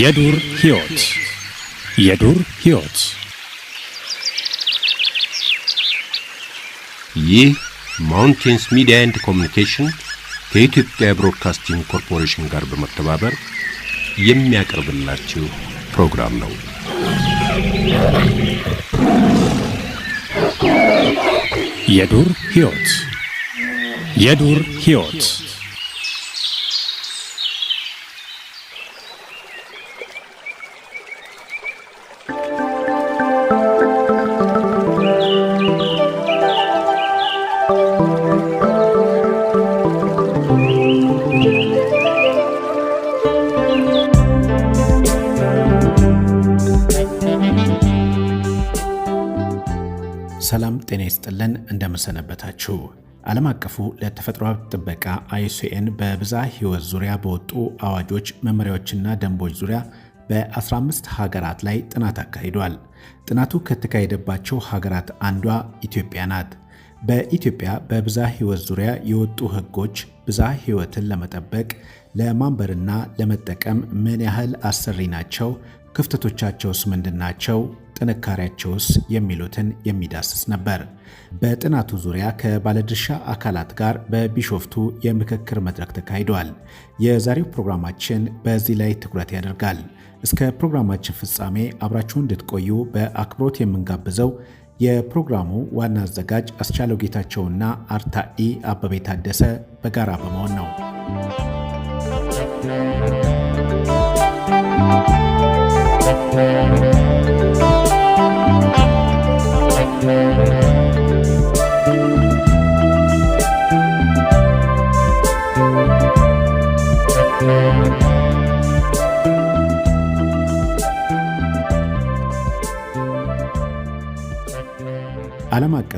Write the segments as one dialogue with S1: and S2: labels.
S1: የዱር ህይወት የዱር ህይወት ይህ ማውንቴንስ ሚዲያ ኤንድ ኮሚኒኬሽን ከኢትዮጵያ ብሮድካስቲንግ ኮርፖሬሽን ጋር በመተባበር የሚያቀርብላችሁ ፕሮግራም ነው። የዱር ህይወት የዱር ህይወት ሰነበታችሁ። ዓለም አቀፉ ለተፈጥሮ ሀብት ጥበቃ አይሲኤን በብዝሃ ሕይወት ዙሪያ በወጡ አዋጆች፣ መመሪያዎችና ደንቦች ዙሪያ በ15 ሀገራት ላይ ጥናት አካሂዷል። ጥናቱ ከተካሄደባቸው ሀገራት አንዷ ኢትዮጵያ ናት። በኢትዮጵያ በብዝሃ ሕይወት ዙሪያ የወጡ ሕጎች ብዝሃ ሕይወትን ለመጠበቅ ለማንበርና ለመጠቀም ምን ያህል አሰሪ ናቸው? ክፍተቶቻቸውስ ምንድን ናቸው? ጥንካሬያቸውስ የሚሉትን የሚዳስስ ነበር። በጥናቱ ዙሪያ ከባለድርሻ አካላት ጋር በቢሾፍቱ የምክክር መድረክ ተካሂዷል። የዛሬው ፕሮግራማችን በዚህ ላይ ትኩረት ያደርጋል። እስከ ፕሮግራማችን ፍጻሜ አብራችሁ እንድትቆዩ በአክብሮት የምንጋብዘው የፕሮግራሙ ዋና አዘጋጅ አስቻለው ጌታቸውና አርታኢ አበቤ ታደሰ በጋራ በመሆን ነው። Thank you.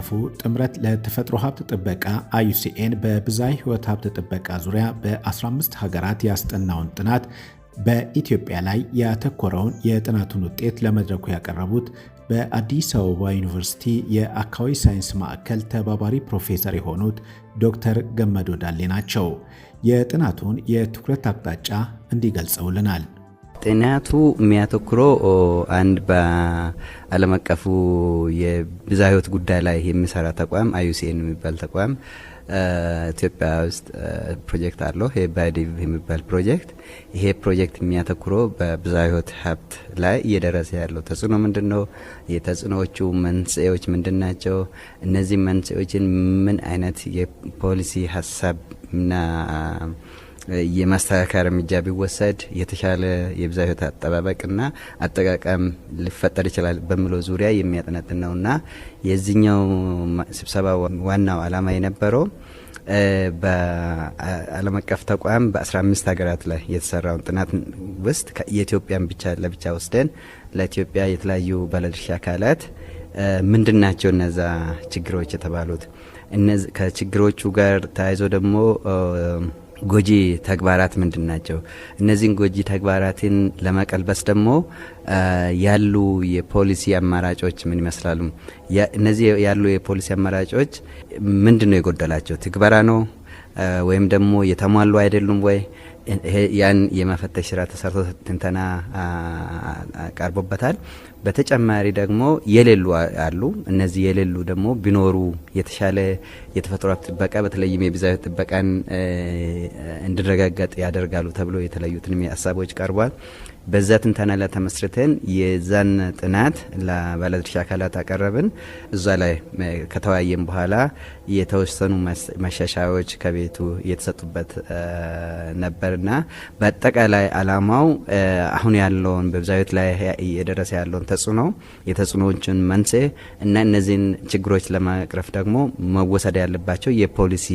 S1: አቀፉ ጥምረት ለተፈጥሮ ሀብት ጥበቃ አዩሲኤን በብዝሃ ሕይወት ሀብት ጥበቃ ዙሪያ በ15 ሀገራት ያስጠናውን ጥናት በኢትዮጵያ ላይ ያተኮረውን የጥናቱን ውጤት ለመድረኩ ያቀረቡት በአዲስ አበባ ዩኒቨርሲቲ የአካባቢ ሳይንስ ማዕከል ተባባሪ ፕሮፌሰር የሆኑት ዶክተር ገመዶ ዳሌ ናቸው። የጥናቱን የትኩረት አቅጣጫ እንዲገልጸውልናል።
S2: ጥናቱ የሚያተኩሮ አንድ በዓለም አቀፉ የብዝሃ ህይወት ጉዳይ ላይ የሚሰራ ተቋም አዩሲኤን የሚባል ተቋም ኢትዮጵያ ውስጥ ፕሮጀክት አለው። ይሄ የሚባል ፕሮጀክት። ይሄ ፕሮጀክት የሚያተኩሮ በብዝሃ ህይወት ሀብት ላይ እየደረሰ ያለው ተጽዕኖ ምንድን ነው? የተጽዕኖዎቹ መንስኤዎች ምንድን ናቸው? እነዚህ መንስኤዎችን ምን አይነት የፖሊሲ ሀሳብ ና? የማስተካከያ እርምጃ ቢወሰድ የተሻለ የብዛ ህይወት አጠባበቅና አጠቃቀም ሊፈጠር ይችላል በሚለው ዙሪያ የሚያጠነጥን ነውና የዚህኛው ስብሰባ ዋናው ዓላማ የነበረው በዓለም አቀፍ ተቋም በ15 ሀገራት ላይ የተሰራውን ጥናት ውስጥ የኢትዮጵያን ብቻ ለብቻ ወስደን ለኢትዮጵያ የተለያዩ ባለድርሻ አካላት ምንድን ናቸው እነዛ ችግሮች የተባሉት ከችግሮቹ ጋር ተያይዞ ደግሞ ጎጂ ተግባራት ምንድን ናቸው? እነዚህን ጎጂ ተግባራትን ለመቀልበስ ደግሞ ያሉ የፖሊሲ አማራጮች ምን ይመስላሉ? እነዚህ ያሉ የፖሊሲ አማራጮች ምንድን ነው የጎደላቸው? ትግበራ ነው ወይም ደግሞ የተሟሉ አይደሉም ወይ? ያን የመፈተሽ ስራ ተሰርቶ ትንተና ቀርቦበታል። በተጨማሪ ደግሞ የሌሉ አሉ። እነዚህ የሌሉ ደግሞ ቢኖሩ የተሻለ የተፈጥሮ ሀብት ጥበቃ በተለይም የብዝሃ ጥበቃን እንዲረጋገጥ ያደርጋሉ ተብሎ የተለዩትን ሀሳቦች ቀርቧል። በዛ ትንተና ላይ ተመስርተን የዛን ጥናት ለባለድርሻ አካላት አቀረብን። እዛ ላይ ከተወያየን በኋላ የተወሰኑ መሸሻዎች ከቤቱ እየተሰጡበት ነበርና በአጠቃላይ አላማው አሁን ያለውን በብዛዊት ላይ እየደረሰ ያለውን ተጽዕኖ፣ የተጽዕኖዎችን መንስኤ እና እነዚህን ችግሮች ለማቅረፍ ደግሞ መወሰድ ያለባቸው የፖሊሲ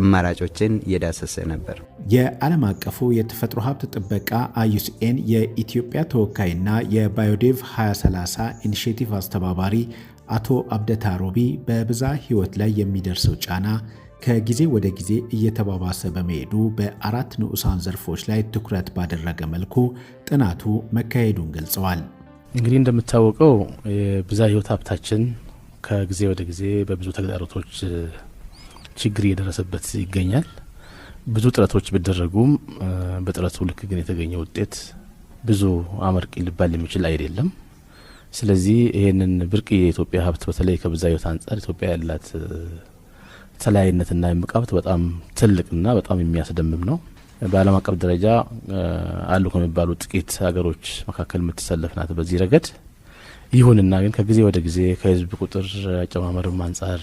S2: አማራጮችን እየዳሰሰ ነበር።
S1: የዓለም አቀፉ የተፈጥሮ ሀብት ጥበቃ አዩሲኤን የኢትዮጵያ ተወካይና የባዮዴቭ 2030 ኢኒሽቲቭ አስተባባሪ አቶ አብደታ ሮቢ በብዝሃ ሕይወት ላይ የሚደርሰው ጫና ከጊዜ ወደ ጊዜ እየተባባሰ በመሄዱ በአራት ንዑሳን ዘርፎች ላይ ትኩረት ባደረገ መልኩ ጥናቱ መካሄዱን ገልጸዋል። እንግዲህ
S3: እንደሚታወቀው የብዝሃ ሕይወት ሀብታችን ከጊዜ ወደ ጊዜ በብዙ ተግዳሮቶች ችግር እየደረሰበት ይገኛል። ብዙ ጥረቶች ቢደረጉም በጥረቱ ልክ ግን የተገኘ ውጤት ብዙ አመርቂ ሊባል የሚችል አይደለም። ስለዚህ ይህንን ብርቅ የኢትዮጵያ ሀብት በተለይ ከብዛ ህይወት አንጻር ኢትዮጵያ ያላት ተለያይነትና የምቅ ሀብት በጣም ትልቅና በጣም የሚያስደምም ነው። በዓለም አቀፍ ደረጃ አሉ ከሚባሉ ጥቂት ሀገሮች መካከል የምትሰለፍ ናት በዚህ ረገድ። ይሁንና ግን ከጊዜ ወደ ጊዜ ከህዝብ ቁጥር አጨማመርም አንጻር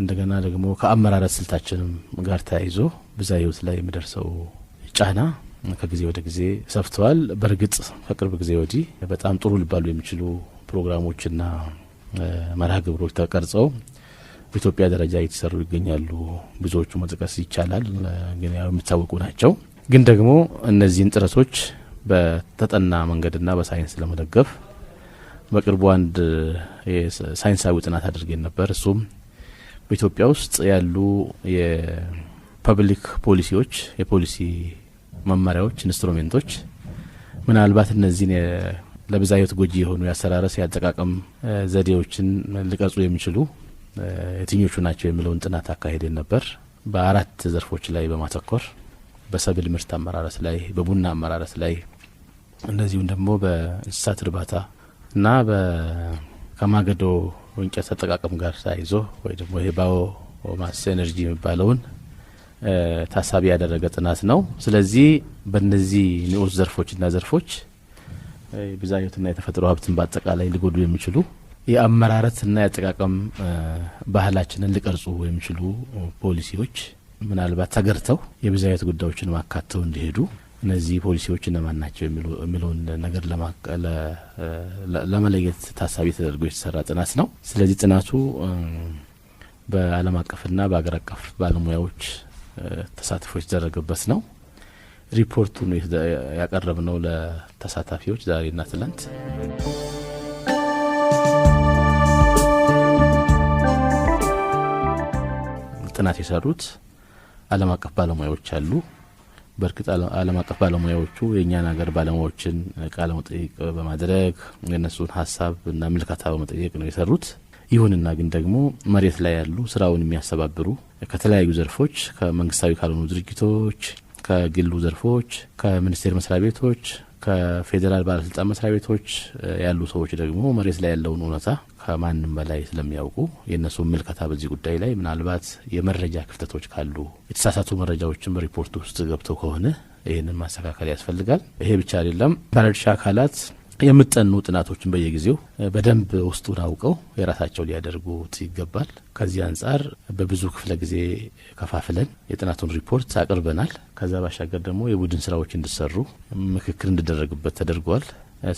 S3: እንደገና ደግሞ ከአመራረት ስልታችንም ጋር ተያይዞ ብዛ ህይወት ላይ የሚደርሰው ጫና ከጊዜ ወደ ጊዜ ሰፍተዋል። በእርግጥ ከቅርብ ጊዜ ወዲህ በጣም ጥሩ ሊባሉ የሚችሉ ፕሮግራሞችና መርሃ ግብሮች ተቀርጸው በኢትዮጵያ ደረጃ እየተሰሩ ይገኛሉ። ብዙዎቹ መጥቀስ ይቻላል፣ ግን ያው የሚታወቁ ናቸው። ግን ደግሞ እነዚህን ጥረቶች በተጠና መንገድና በሳይንስ ለመደገፍ በቅርቡ አንድ ሳይንሳዊ ጥናት አድርገን ነበር። እሱም በኢትዮጵያ ውስጥ ያሉ የፐብሊክ ፖሊሲዎች፣ የፖሊሲ መመሪያዎች፣ ኢንስትሩሜንቶች ምናልባት እነዚህን ለብዝሃ ጎጂ የሆኑ ያሰራረስ ያጠቃቀም ዘዴዎችን ሊቀርጹ የሚችሉ የትኞቹ ናቸው የሚለውን ጥናት አካሄደን ነበር። በአራት ዘርፎች ላይ በማተኮር በሰብል ምርት አመራረስ ላይ፣ በቡና አመራረስ ላይ እንደዚሁም ደግሞ በእንስሳት እርባታ እና በከማገዶ እንጨት አጠቃቀም ጋር ተያይዞ ወይ ደግሞ ይሄ ባዮ ማስ ኤነርጂ የሚባለውን ታሳቢ ያደረገ ጥናት ነው። ስለዚህ በእነዚህ ንዑስ ዘርፎችና ዘርፎች የብዝሃ የተፈጥሮ ሀብትን በአጠቃላይ ሊጎዱ የሚችሉ የአመራረትና የአጠቃቀም ባህላችንን ሊቀርጹ የሚችሉ ፖሊሲዎች ምናልባት ተገርተው የብዝሃ ጉዳዮችን ማካተው እንዲሄዱ እነዚህ ፖሊሲዎች እነማን ናቸው የሚለውን ነገር ለመለየት ታሳቢ ተደርጎ የተሰራ ጥናት ነው። ስለዚህ ጥናቱ በዓለም አቀፍና በሀገር አቀፍ ባለሙያዎች ተሳትፎ የተደረገበት ነው። ሪፖርቱን ያቀረብነው ለተሳታፊዎች ዛሬና ትላንት ጥናት የሰሩት ዓለም አቀፍ ባለሙያዎች አሉ። በእርግጥ ዓለም አቀፍ ባለሙያዎቹ የእኛን ሀገር ባለሙያዎችን ቃለ መጠይቅ በማድረግ የእነሱን ሀሳብ እና ምልከታ በመጠየቅ ነው የሰሩት። ይሁንና ግን ደግሞ መሬት ላይ ያሉ ስራውን የሚያስተባብሩ ከተለያዩ ዘርፎች ከመንግስታዊ ካልሆኑ ድርጅቶች ከግሉ ዘርፎች፣ ከሚኒስቴር መስሪያ ቤቶች፣ ከፌዴራል ባለስልጣን መስሪያ ቤቶች ያሉ ሰዎች ደግሞ መሬት ላይ ያለውን እውነታ ከማንም በላይ ስለሚያውቁ የእነሱ ምልከታ በዚህ ጉዳይ ላይ ምናልባት የመረጃ ክፍተቶች ካሉ የተሳሳቱ መረጃዎችን በሪፖርት ውስጥ ገብተው ከሆነ ይህንን ማስተካከል ያስፈልጋል። ይሄ ብቻ አይደለም ባለድርሻ አካላት የምጠኑ ጥናቶችን በየጊዜው በደንብ ውስጡን አውቀው የራሳቸው ሊያደርጉት ይገባል። ከዚህ አንጻር በብዙ ክፍለ ጊዜ ከፋፍለን የጥናቱን ሪፖርት አቅርበናል። ከዛ ባሻገር ደግሞ የቡድን ስራዎች እንዲሰሩ ምክክር እንዲደረግበት ተደርጓል።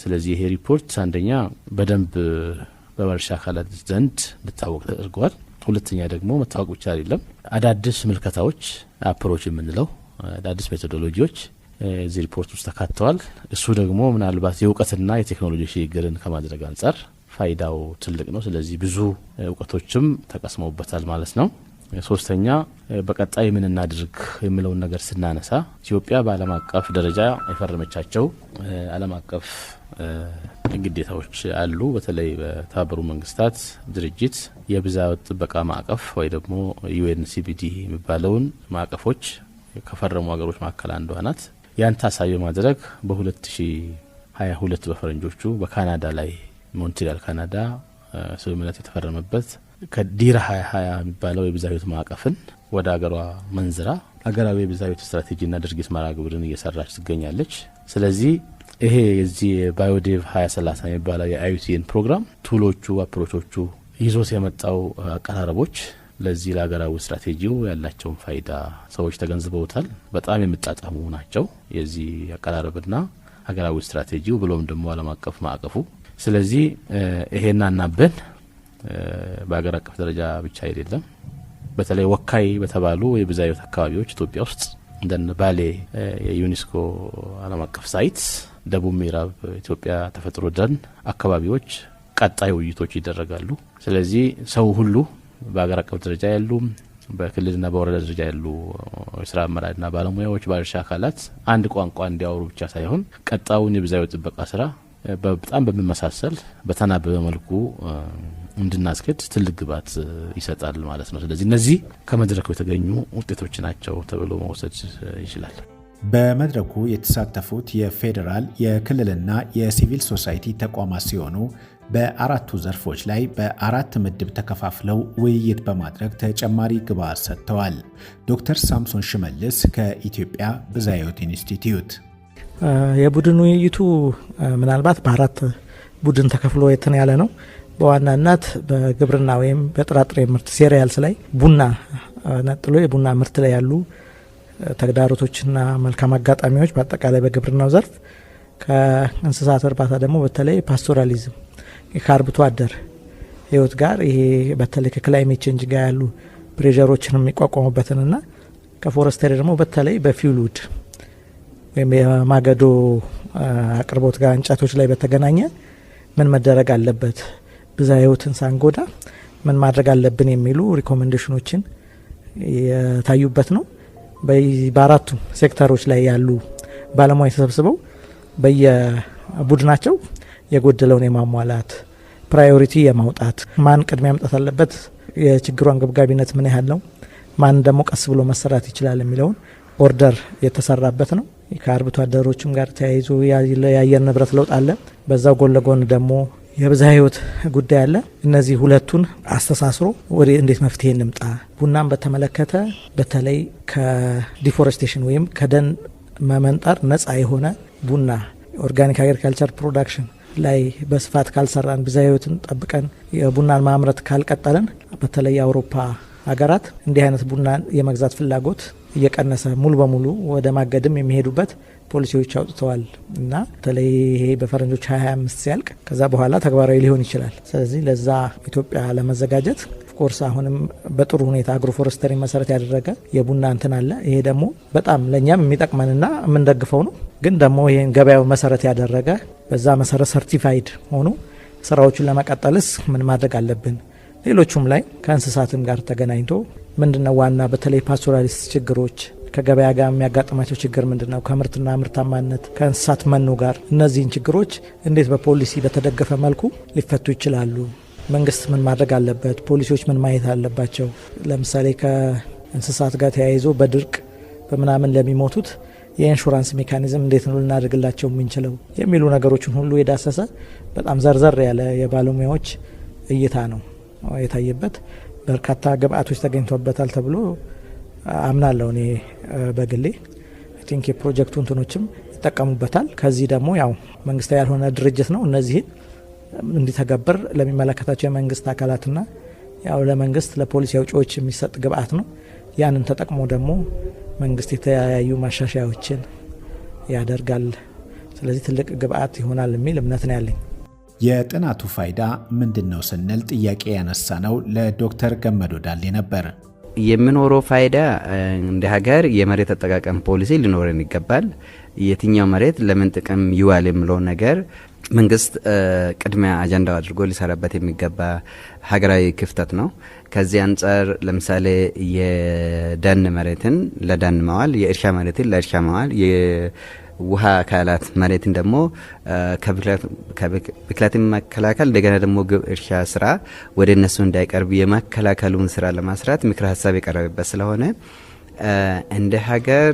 S3: ስለዚህ ይሄ ሪፖርት አንደኛ በደንብ በባለድርሻ አካላት ዘንድ እንዲታወቅ ተደርጓል። ሁለተኛ ደግሞ መታወቅ ብቻ አይደለም፣ አዳዲስ ምልከታዎች አፕሮች የምንለው አዳዲስ ሜቶዶሎጂዎች እዚህ ሪፖርት ውስጥ ተካተዋል። እሱ ደግሞ ምናልባት የእውቀትና የቴክኖሎጂ ሽግግርን ከማድረግ አንጻር ፋይዳው ትልቅ ነው። ስለዚህ ብዙ እውቀቶችም ተቀስመውበታል ማለት ነው። ሶስተኛ በቀጣይ ምን እናድርግ የሚለውን ነገር ስናነሳ ኢትዮጵያ በዓለም አቀፍ ደረጃ የፈረመቻቸው ዓለም አቀፍ ግዴታዎች አሉ። በተለይ በተባበሩ መንግስታት ድርጅት የብዛ ጥበቃ ማዕቀፍ ወይ ደግሞ ዩኤንሲቢዲ የሚባለውን ማዕቀፎች ከፈረሙ ሀገሮች መካከል አንዷ ናት። ያን ታሳቢ ማድረግ በ2022 በፈረንጆቹ በካናዳ ላይ ሞንትሪያል ካናዳ ስምምነት የተፈረመበት ከዲራ 2020 የሚባለው የብዝሃ ማዕቀፍን ወደ አገሯ መንዝራ አገራዊ የብዝሃ ሕይወት ስትራቴጂና ድርጊት መርሃ ግብርን እየሰራች ትገኛለች። ስለዚህ ይሄ የዚህ የባዮዴቭ 2030 የሚባለው የአዩሲኤን ፕሮግራም ቱሎቹ፣ አፕሮቾቹ ይዞት የመጣው አቀራረቦች ለዚህ ለሀገራዊ ስትራቴጂው ያላቸውን ፋይዳ ሰዎች ተገንዝበውታል። በጣም የሚጣጣሙ ናቸው የዚህ አቀራረብና ሀገራዊ ስትራቴጂው ብሎም ደግሞ ዓለም አቀፍ ማዕቀፉ። ስለዚህ ይሄን አናበን በሀገር አቀፍ ደረጃ ብቻ አይደለም በተለይ ወካይ በተባሉ የብዛ አካባቢዎች ኢትዮጵያ ውስጥ እንደነ ባሌ የዩኒስኮ ዓለም አቀፍ ሳይት፣ ደቡብ ምዕራብ ኢትዮጵያ ተፈጥሮ ደን አካባቢዎች ቀጣይ ውይይቶች ይደረጋሉ። ስለዚህ ሰው ሁሉ በሀገር አቀፍ ደረጃ ያሉ በክልልና በወረዳ ደረጃ ያሉ የስራ አመራርና ባለሙያዎች ባለድርሻ አካላት አንድ ቋንቋ እንዲያወሩ ብቻ ሳይሆን ቀጣዩን የብዛዊ ጥበቃ ስራ በጣም በሚመሳሰል በተናበበ መልኩ እንድናስገድ ትልቅ ግባት ይሰጣል ማለት ነው። ስለዚህ እነዚህ ከመድረኩ የተገኙ ውጤቶች ናቸው ተብሎ መውሰድ ይችላል። በመድረኩ
S1: የተሳተፉት የፌዴራል የክልልና የሲቪል ሶሳይቲ ተቋማት ሲሆኑ በአራቱ ዘርፎች ላይ በአራት ምድብ ተከፋፍለው ውይይት በማድረግ ተጨማሪ ግብዓት ሰጥተዋል። ዶክተር ሳምሶን ሽመልስ ከኢትዮጵያ ብዝሃ ሕይወት ኢንስቲትዩት
S4: የቡድን ውይይቱ ምናልባት በአራት ቡድን ተከፍሎ የትን ያለ ነው። በዋናነት በግብርና ወይም በጥራጥሬ ምርት ሴሪያልስ ላይ ቡና ነጥሎ የቡና ምርት ላይ ያሉ ተግዳሮቶችና መልካም አጋጣሚዎች በአጠቃላይ በግብርናው ዘርፍ ከእንስሳት እርባታ ደግሞ በተለይ ፓስቶራሊዝም ከአርብቶ አደር ህይወት ጋር ይሄ በተለይ ከክላይሜት ቼንጅ ጋር ያሉ ፕሬዠሮችን የሚቋቋሙበትንና ከፎረስተሪ ደግሞ በተለይ በፊውሉድ ወይም የማገዶ አቅርቦት ጋር እንጨቶች ላይ በተገናኘ ምን መደረግ አለበት፣ ብዛ ህይወትን ሳንጎዳ ምን ማድረግ አለብን የሚሉ ሪኮሜንዴሽኖችን የታዩበት ነው። በአራቱ ሴክተሮች ላይ ያሉ ባለሙያ ተሰብስበው በየቡድናቸው የጎደለውን የማሟላት ፕራዮሪቲ የማውጣት ማን ቅድሚያ መምጣት አለበት፣ የችግሩ አንገብጋቢነት ምን ያህል ነው፣ ማን ደግሞ ቀስ ብሎ መሰራት ይችላል የሚለውን ኦርደር የተሰራበት ነው። ከአርብቶ አደሮችም ጋር ተያይዞ የአየር ንብረት ለውጥ አለ። በዛው ጎን ለጎን ደግሞ የብዝሃ ህይወት ጉዳይ አለ። እነዚህ ሁለቱን አስተሳስሮ ወደ እንዴት መፍትሄ እንምጣ። ቡናን በተመለከተ በተለይ ከዲፎረስቴሽን ወይም ከደን መመንጠር ነፃ የሆነ ቡና ኦርጋኒክ አግሪካልቸር ፕሮዳክሽን ላይ በስፋት ካልሰራን ብዝሃ ህይወትን ጠብቀን የቡናን ማምረት ካልቀጠልን በተለይ የአውሮፓ ሀገራት እንዲህ አይነት ቡናን የመግዛት ፍላጎት እየቀነሰ ሙሉ በሙሉ ወደ ማገድም የሚሄዱበት ፖሊሲዎች አውጥተዋል እና በተለይ ይሄ በፈረንጆች 25 ሲያልቅ ከዛ በኋላ ተግባራዊ ሊሆን ይችላል። ስለዚህ ለዛ ኢትዮጵያ ለመዘጋጀት ኦፍኮርስ አሁንም በጥሩ ሁኔታ አግሮ ፎረስተሪ መሰረት ያደረገ የቡና እንትን አለ። ይሄ ደግሞ በጣም ለእኛም የሚጠቅመንና የምንደግፈው ነው። ግን ደግሞ ይህን ገበያው መሰረት ያደረገ በዛ መሰረት ሰርቲፋይድ ሆኑ ስራዎችን ለመቀጠልስ ምን ማድረግ አለብን? ሌሎቹም ላይ ከእንስሳትም ጋር ተገናኝቶ ምንድነው ዋና በተለይ ፓስቶራሊስት ችግሮች ከገበያ ጋር የሚያጋጥማቸው ችግር ምንድን ነው? ከምርትና ምርታማነት፣ ከእንስሳት መኖ ጋር እነዚህን ችግሮች እንዴት በፖሊሲ በተደገፈ መልኩ ሊፈቱ ይችላሉ? መንግስት ምን ማድረግ አለበት? ፖሊሲዎች ምን ማየት አለባቸው? ለምሳሌ ከእንስሳት ጋር ተያይዞ በድርቅ በምናምን ለሚሞቱት የኢንሹራንስ ሜካኒዝም እንዴት ነው ልናደርግላቸው የምንችለው የሚሉ ነገሮችን ሁሉ የዳሰሰ በጣም ዘርዘር ያለ የባለሙያዎች እይታ ነው የታየበት። በርካታ ግብአቶች ተገኝቶበታል ተብሎ አምናለሁ እኔ በግሌ ቲንክ የፕሮጀክቱ እንትኖችም ይጠቀሙበታል። ከዚህ ደግሞ ያው መንግስታዊ ያልሆነ ድርጅት ነው። እነዚህን እንዲተገብር ለሚመለከታቸው የመንግስት አካላትና ያው ለመንግስት ለፖሊሲ አውጪዎች የሚሰጥ ግብአት ነው። ያንን ተጠቅሞ ደግሞ መንግስት የተለያዩ ማሻሻያዎችን ያደርጋል። ስለዚህ ትልቅ ግብአት ይሆናል የሚል እምነት ነው ያለኝ። የጥናቱ
S1: ፋይዳ ምንድን ነው ስንል ጥያቄ ያነሳ ነው ለዶክተር ገመዶ ዳሌ ነበር። የሚኖረው ፋይዳ
S2: እንደ ሀገር የመሬት አጠቃቀም ፖሊሲ ሊኖረን ይገባል። የትኛው መሬት ለምን ጥቅም ይዋል የሚለው ነገር መንግስት ቅድሚያ አጀንዳው አድርጎ ሊሰራበት የሚገባ ሀገራዊ ክፍተት ነው። ከዚህ አንጻር ለምሳሌ የደን መሬትን ለደን መዋል፣ የእርሻ መሬትን ለእርሻ መዋል ውሃ አካላት ማለትም ደግሞ ብክለትን መከላከል እንደገና ደግሞ ግብ እርሻ ስራ ወደ እነሱ እንዳይቀርብ የመከላከሉን ስራ ለማስራት ምክረ ሀሳብ የቀረበበት ስለሆነ እንደ ሀገር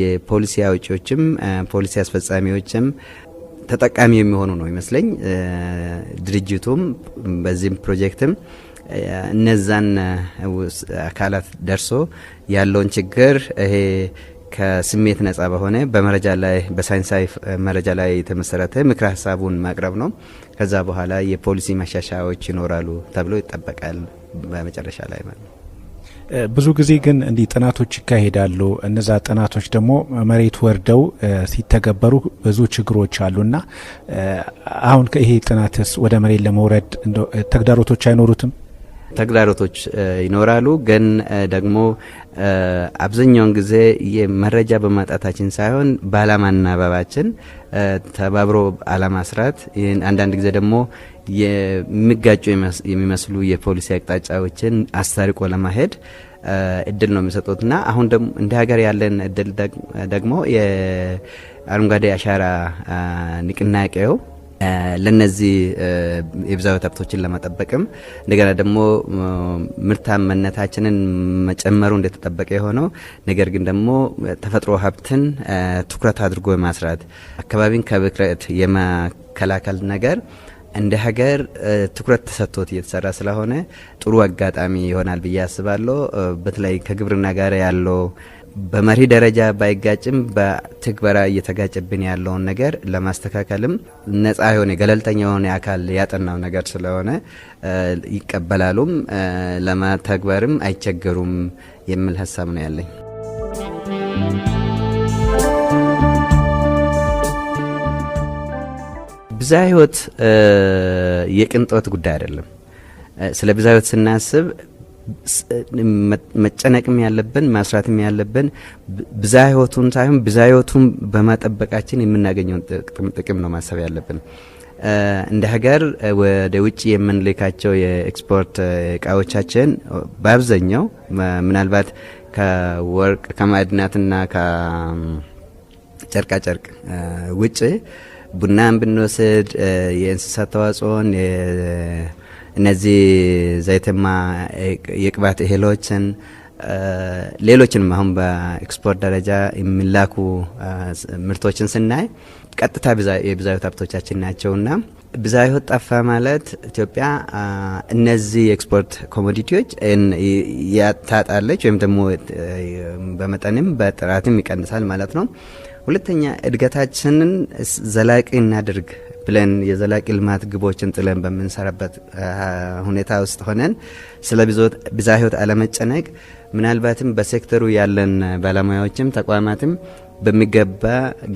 S2: የፖሊሲ አውጪዎችም ፖሊሲ አስፈጻሚዎችም ተጠቃሚ የሚሆኑ ነው ይመስለኝ። ድርጅቱም በዚህም ፕሮጀክትም እነዛን አካላት ደርሶ ያለውን ችግር ይሄ ከስሜት ነጻ በሆነ በመረጃ ላይ በሳይንሳዊ መረጃ ላይ የተመሰረተ ምክረ ሀሳቡን ማቅረብ ነው። ከዛ በኋላ የፖሊሲ ማሻሻያዎች ይኖራሉ ተብሎ ይጠበቃል። በመጨረሻ ላይ ማለት ነው።
S1: ብዙ ጊዜ ግን እንዲህ ጥናቶች ይካሄዳሉ። እነዛ ጥናቶች ደግሞ መሬት ወርደው ሲተገበሩ ብዙ ችግሮች አሉና አሁን ከይሄ ጥናትስ ወደ መሬት ለመውረድ ተግዳሮቶች አይኖሩትም? ተግዳሮቶች
S2: ይኖራሉ። ግን ደግሞ አብዛኛውን ጊዜ መረጃ በማጣታችን ሳይሆን ባለማናበባችን ተባብሮ አለማስራት፣ አንዳንድ ጊዜ ደግሞ የሚጋጩ የሚመስሉ የፖሊሲ አቅጣጫዎችን አስታርቆ ለማሄድ እድል ነው የሚሰጡትና አሁን እንደ ሀገር ያለን እድል ደግሞ የአረንጓዴ አሻራ ንቅናቄው ለነዚህ የብዝሃ ሀብቶችን ለመጠበቅም እንደገና ደግሞ ምርታማነታችንን መጨመሩ እንደተጠበቀ የሆነው ነገር ግን ደግሞ ተፈጥሮ ሀብትን ትኩረት አድርጎ የማስራት አካባቢን ከብክረት የመከላከል ነገር እንደ ሀገር ትኩረት ተሰጥቶት እየተሰራ ስለሆነ ጥሩ አጋጣሚ ይሆናል ብዬ አስባለሁ። በተለይ ከግብርና ጋር ያለው በመሪ ደረጃ ባይጋጭም በትግበራ እየተጋጨብን ያለውን ነገር ለማስተካከልም ነጻ የሆነ ገለልተኛ የሆነ አካል ያጠናው ነገር ስለሆነ ይቀበላሉም ለመተግበርም አይቸገሩም የሚል ሀሳብ ነው ያለኝ። ብዛ ህይወት የቅንጦት ጉዳይ አይደለም። ስለ ብዛ ህይወት ስናስብ መጨነቅም ያለብን ማስራትም ያለብን ብዛ ህይወቱን ሳይሆን ብዛ ህይወቱን በማጠበቃችን የምናገኘውን ጥቅም ነው ማሰብ ያለብን። እንደ ሀገር ወደ ውጭ የምንልካቸው የኤክስፖርት እቃዎቻችን በአብዛኛው ምናልባት ከወርቅ ከማዕድናትና ከጨርቃጨርቅ ውጭ ቡናን ብንወስድ የእንስሳት ተዋጽኦን እነዚህ ዘይትማ የቅባት እህሎችን ሌሎችንም አሁን በኤክስፖርት ደረጃ የሚላኩ ምርቶችን ስናይ ቀጥታ የብዛዊት ሀብቶቻችን ናቸውና ብዛዊት ጠፋ ማለት ኢትዮጵያ እነዚህ የኤክስፖርት ኮሞዲቲዎች ታጣለች ወይም ደግሞ በመጠንም በጥራትም ይቀንሳል ማለት ነው። ሁለተኛ እድገታችንን ዘላቂ እናድርግ ብለን የዘላቂ ልማት ግቦችን ጥለን በምንሰራበት ሁኔታ ውስጥ ሆነን ስለ ብዛ ህይወት አለመጨነቅ ምናልባትም በሴክተሩ ያለን ባለሙያዎችም ተቋማትም በሚገባ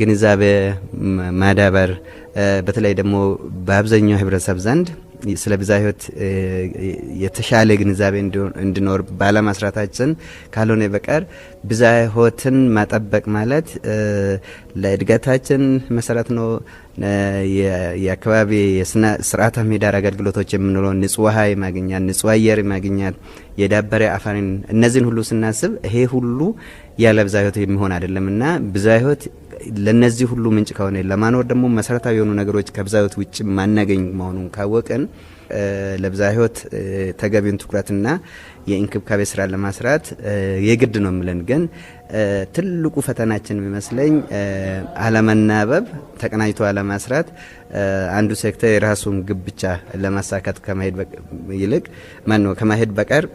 S2: ግንዛቤ ማዳበር በተለይ ደግሞ በአብዛኛው ህብረተሰብ ዘንድ ስለ ብዛ ህይወት የተሻለ ግንዛቤ እንዲኖር ባለማስራታችን ካልሆነ በቀር ብዛ ህይወትን ማጠበቅ ማለት ለእድገታችን መሰረት ነው። የአካባቢ የስነ ስርዓተ ምህዳር አገልግሎቶች የምንለው ንጹህ ውሃ ማግኛት፣ ንጹህ አየር ማግኛት፣ የዳበረ አፈርን እነዚህን ሁሉ ስናስብ ይሄ ሁሉ ያለ ብዛ ህይወት የሚሆን አይደለም እና ብዛ ህይወት ለነዚህ ሁሉ ምንጭ ከሆነ ለማኖር ደግሞ መሰረታዊ የሆኑ ነገሮች ከብዛት ውጭ ማናገኝ መሆኑን ካወቅን ለብዛ ህይወት ተገቢውን ትኩረትና የእንክብካቤ ስራ ለማስራት የግድ ነው የምለን። ግን ትልቁ ፈተናችን የሚመስለኝ አለመናበብ፣ ተቀናጅቶ አለማስራት፣ አንዱ ሴክተር የራሱን ግብ ብቻ ለማሳካት ከማሄድ ይልቅ ማን ነው ከማሄድ በቀር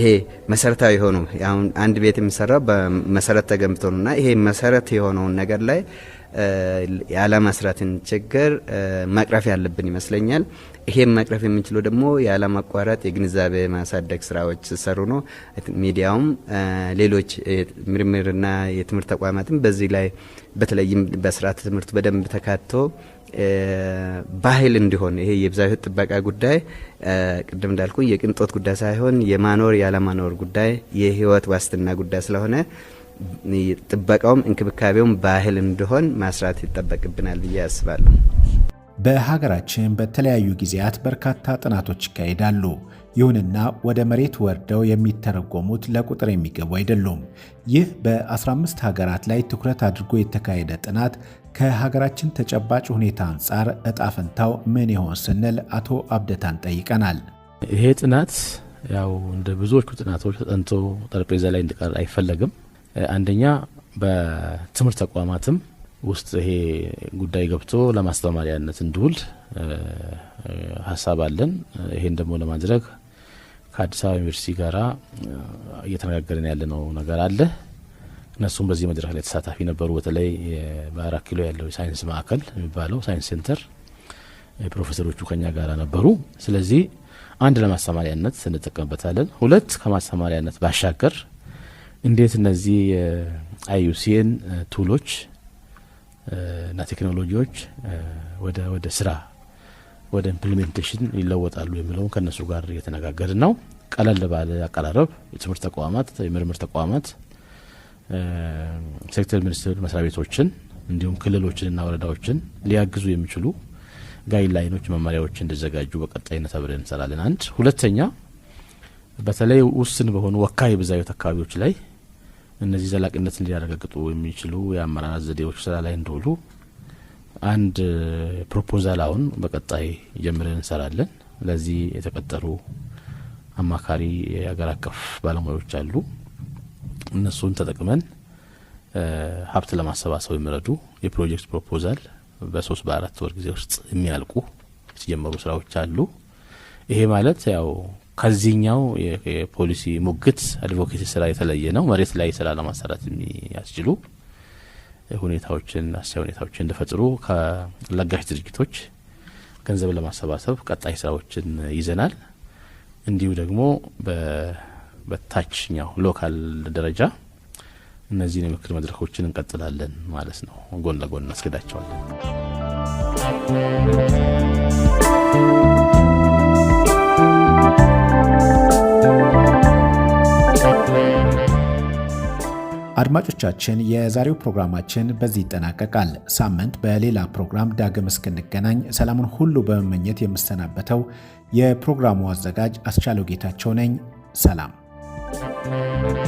S2: ይሄ መሰረታዊ የሆኑ አንድ ቤት የሚሰራው በመሰረት ተገንብቶ እና ይሄ መሰረት የሆነውን ነገር ላይ ያለመስራትን ችግር መቅረፍ ያለብን ይመስለኛል። ይሄን መቅረፍ የምንችለው ደግሞ ያለማቋረጥ የግንዛቤ ማሳደግ ስራዎች ሲሰሩ ነው። ሚዲያውም ሌሎች ምርምርና የትምህርት ተቋማትም በዚህ ላይ በተለይም በስርዓተ ትምህርቱ በደንብ ተካቶ ባህል እንዲሆን ይሄ የብዝሃ ጥበቃ ጉዳይ ቅድም እንዳልኩ የቅንጦት ጉዳይ ሳይሆን የማኖር ያለማኖር ጉዳይ የህይወት ዋስትና ጉዳይ ስለሆነ ጥበቃውም እንክብካቤውም ባህል እንዲሆን ማስራት ይጠበቅብናል ብዬ አስባለሁ። በሀገራችን
S1: በተለያዩ ጊዜያት በርካታ ጥናቶች ይካሄዳሉ። ይሁንና ወደ መሬት ወርደው የሚተረጎሙት ለቁጥር የሚገቡ አይደሉም። ይህ በ15 ሀገራት ላይ ትኩረት አድርጎ የተካሄደ ጥናት ከሀገራችን ተጨባጭ ሁኔታ አንጻር እጣ ፈንታው ምን ይሆን ስንል አቶ አብደታን ጠይቀናል። ይሄ
S3: ጥናት ያው እንደ ብዙዎቹ ጥናቶች ተጠንቶ ጠረጴዛ ላይ እንዲቀር አይፈለግም። አንደኛ በትምህርት ተቋማትም ውስጥ ይሄ ጉዳይ ገብቶ ለማስተማሪያነት እንዲውል ሀሳብ አለን። ይሄን ደግሞ ለማድረግ ከአዲስ አበባ ዩኒቨርሲቲ ጋራ እየተነጋገርን ነው ነገር አለ። እነሱም በዚህ መድረክ ላይ ተሳታፊ ነበሩ። በተለይ በአራት ኪሎ ያለው የሳይንስ ማዕከል የሚባለው ሳይንስ ሴንተር ፕሮፌሰሮቹ ከኛ ጋር ነበሩ። ስለዚህ አንድ ለማስተማሪያነት እንጠቀምበታለን። ሁለት ከማስተማሪያነት ባሻገር እንዴት እነዚህ የአይዩሲኤን ቱሎች እና ቴክኖሎጂዎች ወደ ስራ ወደ ኢምፕሊሜንቴሽን ይለወጣሉ የሚለውን ከእነሱ ጋር እየተነጋገርን ነው። ቀለል ባለ አቀራረብ የትምህርት ተቋማት፣ የምርምር ተቋማት፣ ሴክተር ሚኒስትር መስሪያ ቤቶችን እንዲሁም ክልሎችንና ወረዳዎችን ሊያግዙ የሚችሉ ጋይድላይኖች፣ መመሪያዎች እንዲዘጋጁ በቀጣይነት አብረን እንሰራለን። አንድ ሁለተኛ በተለይ ውስን በሆኑ ወካይ ብዛዮት አካባቢዎች ላይ እነዚህ ዘላቂነትን ሊያረጋግጡ የሚችሉ የአመራራት ዘዴዎች ስራ ላይ እንደውሉ አንድ ፕሮፖዛል አሁን በቀጣይ ጀምረን እንሰራለን። ለዚህ የተቀጠሩ አማካሪ የሀገር አቀፍ ባለሙያዎች አሉ። እነሱን ተጠቅመን ሀብት ለማሰባሰብ የሚረዱ የፕሮጀክት ፕሮፖዛል በሶስት በአራት ወር ጊዜ ውስጥ የሚያልቁ የተጀመሩ ስራዎች አሉ። ይሄ ማለት ያው ከዚህኛው የፖሊሲ ሙግት አድቮኬሲ ስራ የተለየ ነው። መሬት ላይ ስራ ለማሰራት የሚያስችሉ ሁኔታዎችን አሳይ ሁኔታዎችን እንደፈጥሩ ከለጋሽ ድርጅቶች ገንዘብ ለማሰባሰብ ቀጣይ ስራዎችን ይዘናል። እንዲሁ ደግሞ በታችኛው ሎካል ደረጃ እነዚህን የምክር መድረኮችን እንቀጥላለን ማለት ነው። ጎን ለጎን እናስገዳቸዋለን።
S1: አድማጮቻችን፣ የዛሬው ፕሮግራማችን በዚህ ይጠናቀቃል። ሳምንት በሌላ ፕሮግራም ዳግም እስክንገናኝ ሰላምን ሁሉ በመመኘት የምሰናበተው የፕሮግራሙ አዘጋጅ አስቻለው ጌታቸው ነኝ። ሰላም